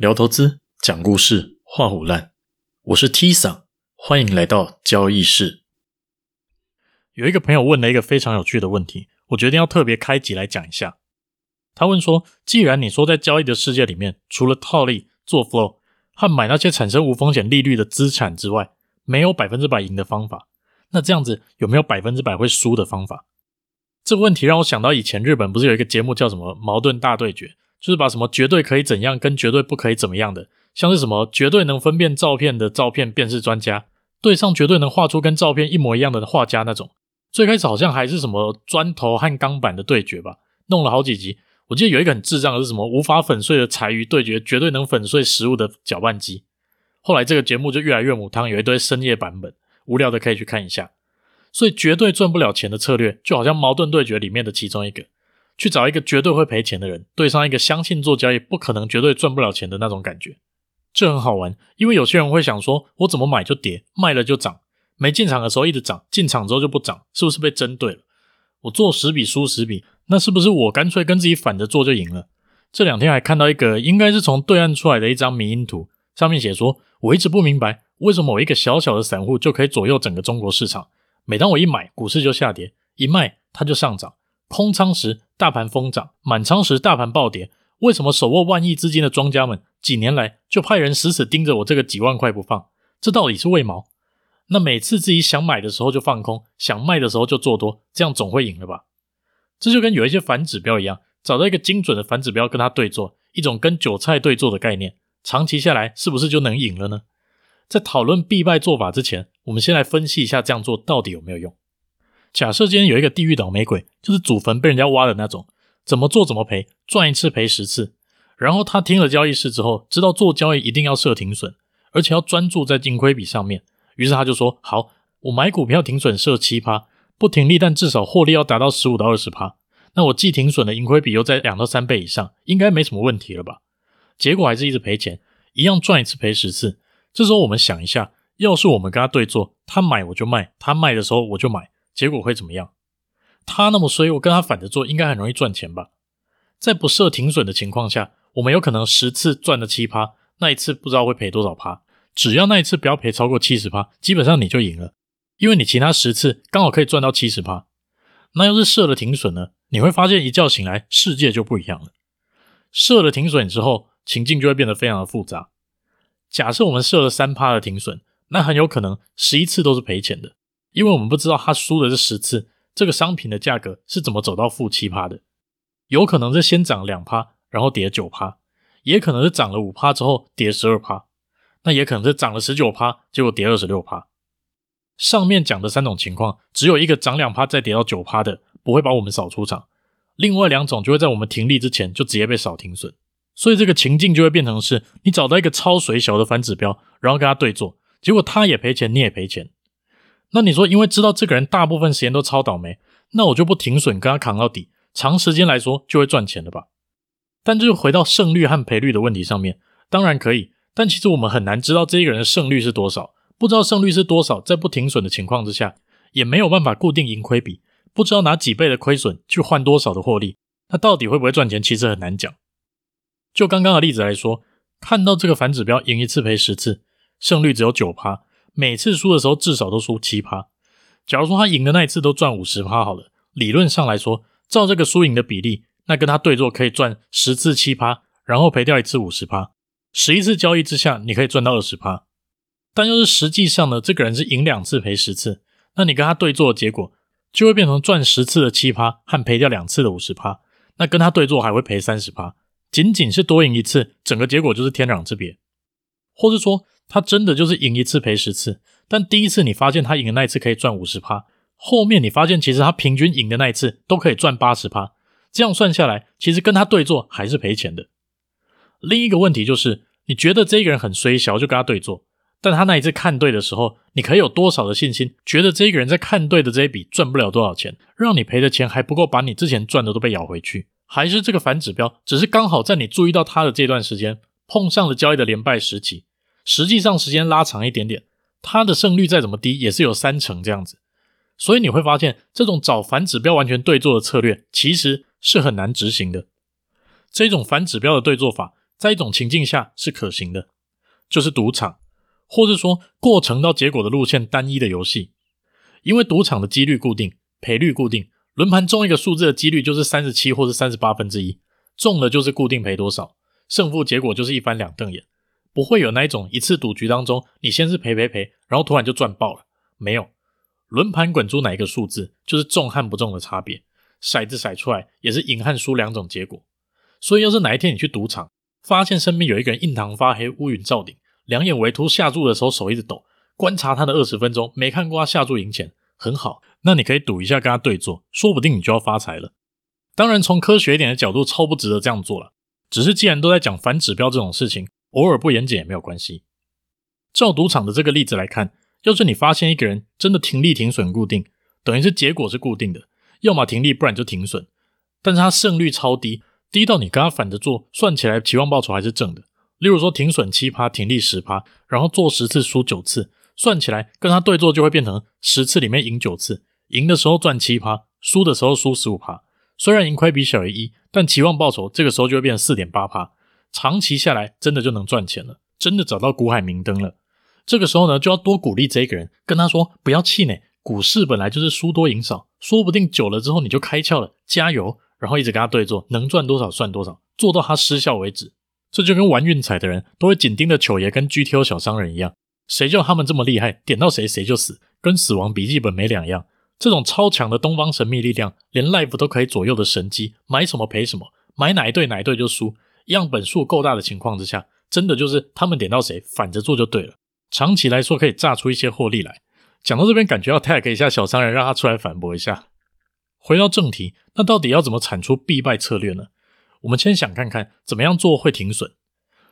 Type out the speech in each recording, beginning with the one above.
聊投資，講故事，話虎爛。我是 T 三，歡迎來到交易室。有一個朋友問了一個非常有趣的問題，我決定要特別開集來講一下。他問說：“既然你說在交易的世界裡面，除了套利、做 flow 和買那些產生無風險利率的資產之外，沒有百分之百贏的方法，那這樣子有沒有百分之百會輸的方法？”這個問題讓我想到以前日本不是有一個節目叫什麼《矛盾大對決》？就是把什麼絕對可以怎樣跟絕對不可以怎麼樣的，像是什麼絕對能分辨照片的照片辨識專家，對上絕對能畫出跟照片一模一樣的畫家那種。最開始好像還是什麼磚頭和鋼板的對決吧，弄了好幾集。我記得有一個很智障的是什麼無法粉碎的柴魚對決，絕對能粉碎食物的攪拌機。後來這個節目就越來越母湯，有一堆深夜版本，無聊的可以去看一下。所以絕對賺不了錢的策略，就好像矛盾對決裡面的其中一個。去找一個絕對會賠錢的人，對上一個相信做交易不可能絕對賺不了錢的那種感覺，這很好玩。因為有些人會想說，我怎麼買就跌，賣了就漲，沒進場的時候一直漲，進場之後就不漲，是不是被針對了？我做十筆輸十筆，那是不是我乾脆跟自己反着做就贏了？這兩天還看到一個，應該是從對岸出來的一張迷因圖，上面寫說，我一直不明白為什麼我一個小小的散戶就可以左右整個中國市場。每當我一買，股市就下跌；一賣，它就上漲。空倉時大盤瘋漲，滿倉時大盤暴跌，為什麼手握萬億資金的莊家們幾年來就派人死死盯着我這個幾萬塊不放？這到底是為毛？那每次自己想買的時候就放空，想賣的時候就做多，這樣總會贏了吧？這就跟有一些反指標一樣，找到一個精準的反指標跟它對做，一種跟韭菜對做的概念，長期下來是不是就能贏了呢？在討論必敗做法之前，我們先來分析一下這樣做到底有沒有用。假設今天有一個地獄倒霉鬼，就是祖墳被人家挖的那種，怎麼做怎麼賠，賺一次賠十次。然後他聽了交易事之後，知道做交易一定要設停損，而且要專注在盈虧比上面。於是他就說：“好，我買股票停損設七趴，不停利，但至少獲利要達到十五到二十趴。那我既停損的盈虧比又在兩到三倍以上，應該沒什麼問題了吧？”結果還是一直賠錢，一樣賺一次賠十次。這時候我們想一下，要是我們跟他對做，他買我就賣，他賣的時候我就買。結果會怎麼樣？他那麼衰，我跟他反着做，應該很容易賺錢吧？在不設停損的情況下，我們有可能十次賺了七趴，那一次不知道會賠多少趴。只要那一次不要賠超過七十趴，基本上你就贏了，因為你其他十次剛好可以賺到七十趴。那要是設了停損呢？你會發現一覺醒來，世界就不一樣了。設了停損之後，情境就會變得非常的複雜。假設我們設了三趴的停損，那很有可能十一次都是賠錢的。因為我們不知道他輸的這十次，這個商品的價格是怎麼走到負七趴的，有可能是先漲兩趴，然後跌九趴，也可能是漲了五趴之後跌十二趴，那也可能是漲了十九趴，結果跌二十六趴。上面講的三種情況，只有一個漲兩趴再跌到九趴的不會把我們掃出場，另外兩種就會在我們停利之前就直接被掃停損，所以這個情境就會變成是你找到一個超衰小的反指標，然後跟他對做，結果他也賠錢，你也賠錢。那你說，因為知道這個人大部分時間都超倒霉，那我就不停損，跟他扛到底，長時間來說就會賺錢了吧？但就回到勝率和賠率的問題上面，當然可以，但其實我們很難知道這一個人的勝率是多少，不知道勝率是多少，在不停損的情況之下，也沒有辦法固定盈虧比，不知道拿幾倍的虧損去換多少的獲利，那到底會不會賺錢，其實很難講。就剛剛的例子來說，看到這個反指標贏一次賠十次，勝率只有九趴。每次輸的時候至少都輸七趴。假如說他贏的那一次都賺五十趴好了，理論上來說，照這個輸贏的比例，那跟他對做可以賺十次七趴，然後賠掉一次五十趴，十一次交易之下你可以賺到二十趴。但要是實際上呢，這個人是贏兩次賠十次，那你跟他對做的結果就會變成賺十次的七趴和賠掉兩次的五十趴，那跟他對做還會賠三十趴，僅僅是多贏一次，整個結果就是天壤之別，或是說，他真的就是贏一次賠十次，但第一次你發現他贏的那一次可以賺五十趴，後面你發現其實他平均贏的那一次都可以賺八十趴，這樣算下來，其實跟他對做還是賠錢的。另一個問題就是，你覺得這個人很衰小，就跟他對做，但他那一次看對的時候，你可以有多少的信心，覺得這一個人在看對的這一筆賺不了多少錢，讓你賠的錢還不夠把你之前賺的都被咬回去，還是這個反指標只是剛好在你注意到他的這段時間碰上了交易的連敗時期。實際上，時間拉長一點點，它的勝率再怎麼低，也是有三成這樣子。所以你會發現，這種找反指標完全對做的策略，其實是很難執行的。這種反指標的對做法，在一種情境下是可行的，就是賭場，或是說過程到結果的路線單一的遊戲。因為賭場的幾率固定，賠率固定，輪盤中一個數字的幾率就是三十七或是三十八分之一，中了就是固定賠多少，勝負結果就是一翻兩瞪眼。不會有那一種一次賭局當中，你先是賠賠賠，然後突然就賺爆了。沒有，輪盤滾出哪一個數字，就是中和不中的差別。骰子骰出來也是贏和輸兩種結果。所以要是哪一天你去賭場，發現身邊有一個人印堂發黑、烏雲罩頂、兩眼為突，下注的時候手一直抖，觀察他的二十分鐘，沒看過他下注贏錢，很好，那你可以賭一下跟他對做，說不定你就要發財了。當然，從科學一點的角度，超不值得這樣做了。只是既然都在講反指標這種事情。偶爾不嚴謹也沒有關係。照賭場的這個例子來看，要是你發現一個人真的停利停損固定，等於是結果是固定的，要麼停利，不然就停損。但是他勝率超低，低到你跟他反着做，算起來期望報酬還是正的。例如說停損七趴，停利十趴，然後做十次輸九次，算起來跟他對做就會變成十次裡面贏九次，贏的時候賺七趴，輸的時候輸十五趴。雖然盈虧比小於一，但期望報酬這個時候就會變成四點八趴。長期下來，真的就能賺錢了，真的找到股海明燈了。這個時候呢，就要多鼓勵這個人，跟他說，不要氣餒，股市本來就是輸多贏少，說不定久了之後你就開竅了，加油！然後一直跟他對做，能賺多少算多少，做到他失效為止。這就跟玩運彩的人都會緊盯着九爺跟 GTO 小商人一樣，誰叫他們這麼厲害，點到誰誰就死，跟死亡筆記本沒兩樣。這種超強的東方神秘力量，連 life 都可以左右的神機，買什麼賠什麼，買哪一隊哪一隊就輸。樣本數夠大的情況之下，真的就是他們點到誰，反着做就對了。長期來說可以榨出一些獲利來。講到這邊，感覺要 tag 一下小商人，讓他出來反駁一下。回到正題，那到底要怎麼產出必敗策略呢？我們先想看看怎麼樣做會停損，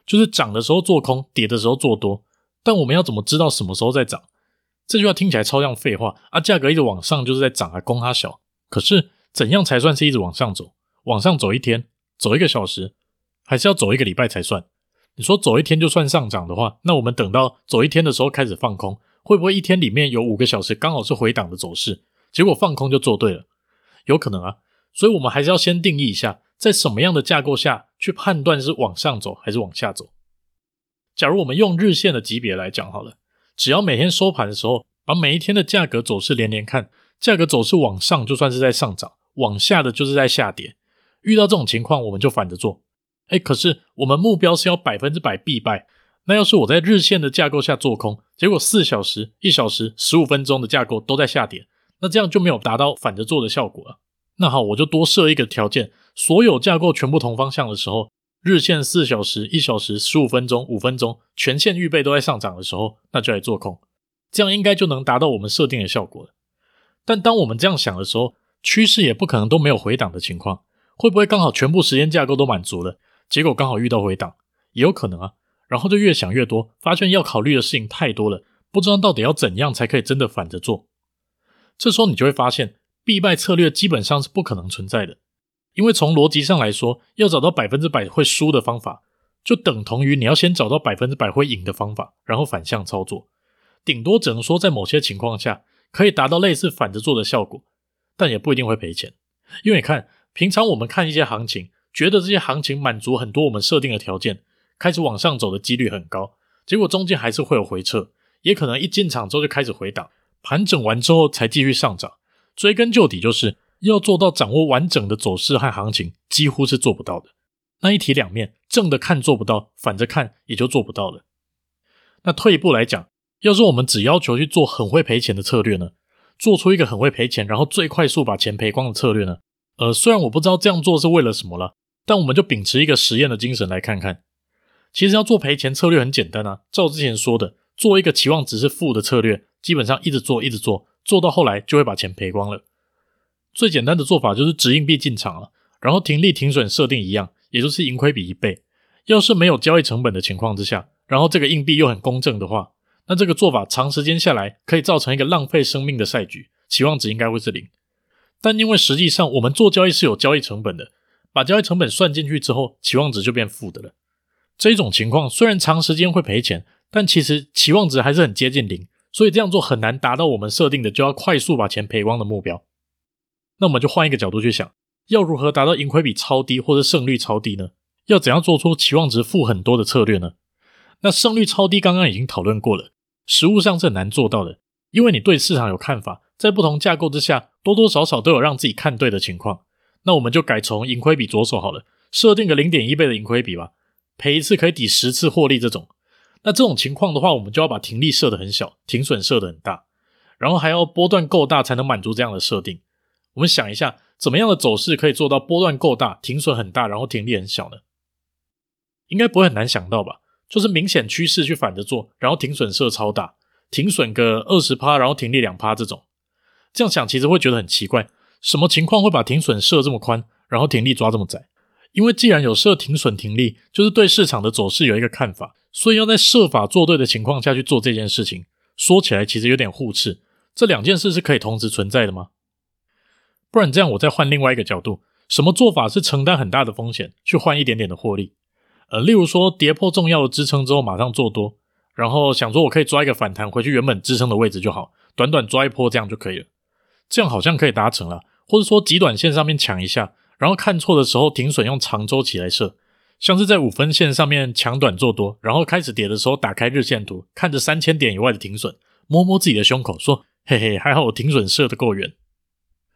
就是漲的時候做空，跌的時候做多。但我們要怎麼知道什麼時候在漲？這句話聽起來超像廢話啊！價格一直往上就是在漲啊，供三小。可是怎樣才算是一直往上走？往上走一天，走一個小時？還是要走一個禮拜才算。你說走一天就算上漲的話，那我們等到走一天的時候開始放空，會不會一天裡面有五個小時剛好是回檔的走勢，結果放空就做對了？有可能啊。所以我們還是要先定義一下，在什麼樣的架構下去判斷是往上走還是往下走。假如我們用日線的級別來講好了，只要每天收盤的時候把每一天的價格走勢連連看，價格走勢往上就算是在上漲，往下的就是在下跌。遇到這種情況，我們就反着做。哎，可是我們目標是要百分之百必敗。那要是我在日線的架構下做空，結果四小時、一小時、十五分鐘的架構都在下跌，那這樣就沒有達到反着做的效果了。那好，我就多設一個條件：所有架構全部同方向的時候，日線四小時、一小時、十五分鐘、五分鐘全線預備都在上漲的時候，那就來做空，這樣應該就能達到我們設定的效果了。但當我們這樣想的時候，趨勢也不可能都沒有回檔的情況，會不會剛好全部時間架構都滿足了？結果剛好遇到回檔，也有可能啊。然後就越想越多，發現要考慮的事情太多了，不知道到底要怎樣才可以真的反着做。這時候你就會發現，必敗策略基本上是不可能存在的，因為從邏輯上來說，要找到百分之百會輸的方法，就等同於你要先找到百分之百會贏的方法，然後反向操作。頂多只能說在某些情況下可以達到類似反着做的效果，但也不一定會賠錢。因為你看，平常我們看一些行情，覺得這些行情滿足很多我們設定的條件，開始往上走的幾率很高，結果中間還是會有回撤，也可能一進場之後就開始回檔，盤整完之後才繼續上漲。追根究底，就是要做到掌握完整的走勢和行情，幾乎是做不到的。那一體兩面，正的看做不到，反着看也就做不到了。那退一步來講，要是我們只要求去做很會賠錢的策略呢？做出一個很會賠錢，然後最快速把錢賠光的策略呢？呃，雖然我不知道這樣做是為了什麼了，但我們就秉持一個實驗的精神來看看。其實要做賠錢策略很簡單啊，照之前說的，做一個期望值是負的策略，基本上一直做一直做，做到後來就會把錢賠光了。最簡單的做法就是擲硬幣進場了，然後停利停損設定一樣，也就是盈虧比一倍。要是沒有交易成本的情況之下，然後這個硬幣又很公正的話，那這個做法長時間下來可以造成一個浪費生命的賽局，期望值應該會是零。但因為實際上我們做交易是有交易成本的，把交易成本算進去之後，期望值就變負的了。這一種情況雖然長時間會賠錢，但其實期望值還是很接近零，所以這樣做很難達到我們設定的就要快速把錢賠光的目標。那我們就換一個角度去想，要如何達到盈虧比超低或者勝率超低呢？要怎樣做出期望值負很多的策略呢？那勝率超低剛剛已經討論過了，實務上是很難做到的，因為你對市場有看法。在不同架構之下，多多少少都有讓自己看對的情況。那我們就改從盈虧比着手好了，設定個零點一倍的盈虧比吧，賠一次可以抵十次獲利這種。那這種情況的話，我們就要把停利設得很小，停損設得很大，然後還要波段夠大才能滿足這樣的設定。我們想一下，怎麼樣的走勢可以做到波段夠大，停損很大，然後停利很小呢？應該不會很難想到吧？就是明顯趨勢去反着做，然後停損設超大，停損個二十趴，然後停利兩趴這種。這樣想其實會覺得很奇怪，什麼情況會把停損設這麼寬，然後停利抓這麼窄？因為既然有設停損停利，就是對市場的走勢有一個看法，所以要在設法做對的情況下去做這件事情。說起來其實有點互斥，這兩件事是可以同時存在的嗎？不然這樣，我再換另外一個角度，什麼做法是承擔很大的風險，去換一點點的獲利？呃，例如說跌破重要的支撐之後馬上做多，然後想說我可以抓一個反彈回去原本支撐的位置就好，短短抓一波這樣就可以了。這樣好像可以達成了，或者說極短線上面搶一下，然後看錯的時候停損用長周期來設，像是在五分線上面搶短做多，然後開始跌的時候打開日線圖，看着三千點以外的停損，摸摸自己的胸口說：“嘿嘿，還好我停損設的夠遠。”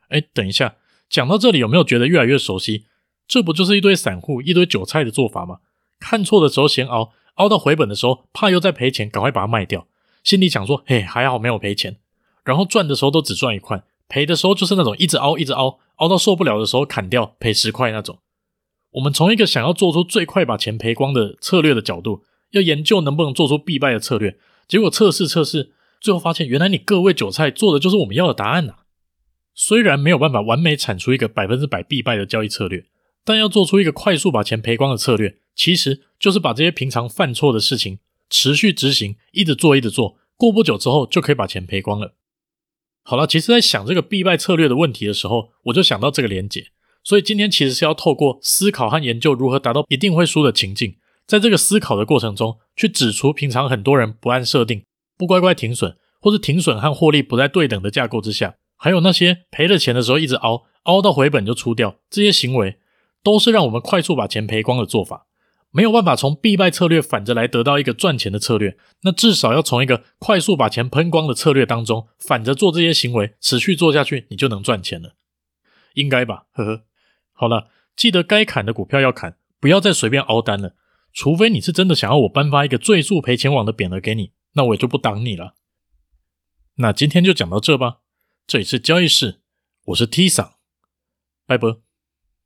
哎，等一下，講到這裡有沒有覺得越來越熟悉？這不就是一堆散戶、一堆韭菜的做法嗎？看錯的時候先熬，熬到回本的時候怕又再賠錢，趕快把它賣掉，心裡想說：“嘿，還好沒有賠錢。”然後賺的時候都只賺一塊。賠的時候就是那種一直凹一直凹，凹到受不了的時候砍掉，賠十塊那種。我們從一個想要做出最快把錢賠光的策略的角度，要研究能不能做出必敗的策略。結果測試測試，最後發現原來你各位韭菜做的就是我們要的答案吶、啊。雖然沒有辦法完美產出一個百分之百必敗的交易策略，但要做出一個快速把錢賠光的策略，其實就是把這些平常犯錯的事情持續執行，一直做一直做，過不久之後就可以把錢賠光了。好啦，其實在想這個必敗策略的問題的時候，我就想到這個連結。所以今天其實是要透過思考和研究如何達到一定會輸的情境，在這個思考的過程中，去指出平常很多人不按設定、不乖乖停損，或是停損和獲利不在對等的架構之下，還有那些賠了錢的時候一直熬，熬到回本就出掉，這些行為都是讓我們快速把錢賠光的做法。沒有辦法從必敗策略反着來得到一個賺錢的策略，那至少要從一個快速把錢噴光的策略當中反着做這些行為，持續做下去，你就能賺錢了，應該吧？呵呵。好了，記得該砍的股票要砍，不要再隨便凹單了，除非你是真的想要我頒發一個最速賠錢王的匾額給你，那我也就不擋你了。那今天就講到這吧，這裡是交易事，我是 T 三，拜拜。